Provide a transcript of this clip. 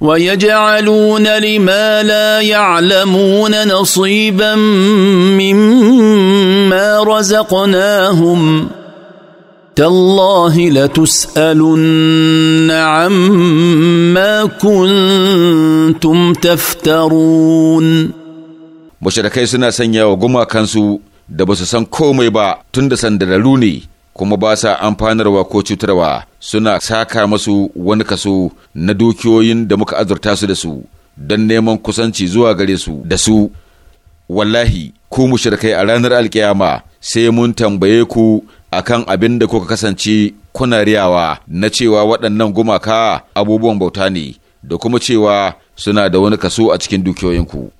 ويجعلون لما لا يعلمون نصيبا مما رزقناهم تالله لتسالن عما كنتم تفترون مشركي سنا سنيا وغما كانسو دبس سان با تند دلالوني كوما باسا امبانر وكوتشو suna saka masu wani kaso na dukiyoyin da muka azurta su da su don neman kusanci zuwa gare su da su wallahi ku mushrikai a ranar alkiyama sai mun tambaye ku akan abin da kuka kasance kuna riyawa na cewa waɗannan gumaka abubuwan bauta ne da kuma cewa suna da wani kaso a cikin dukiyoyinku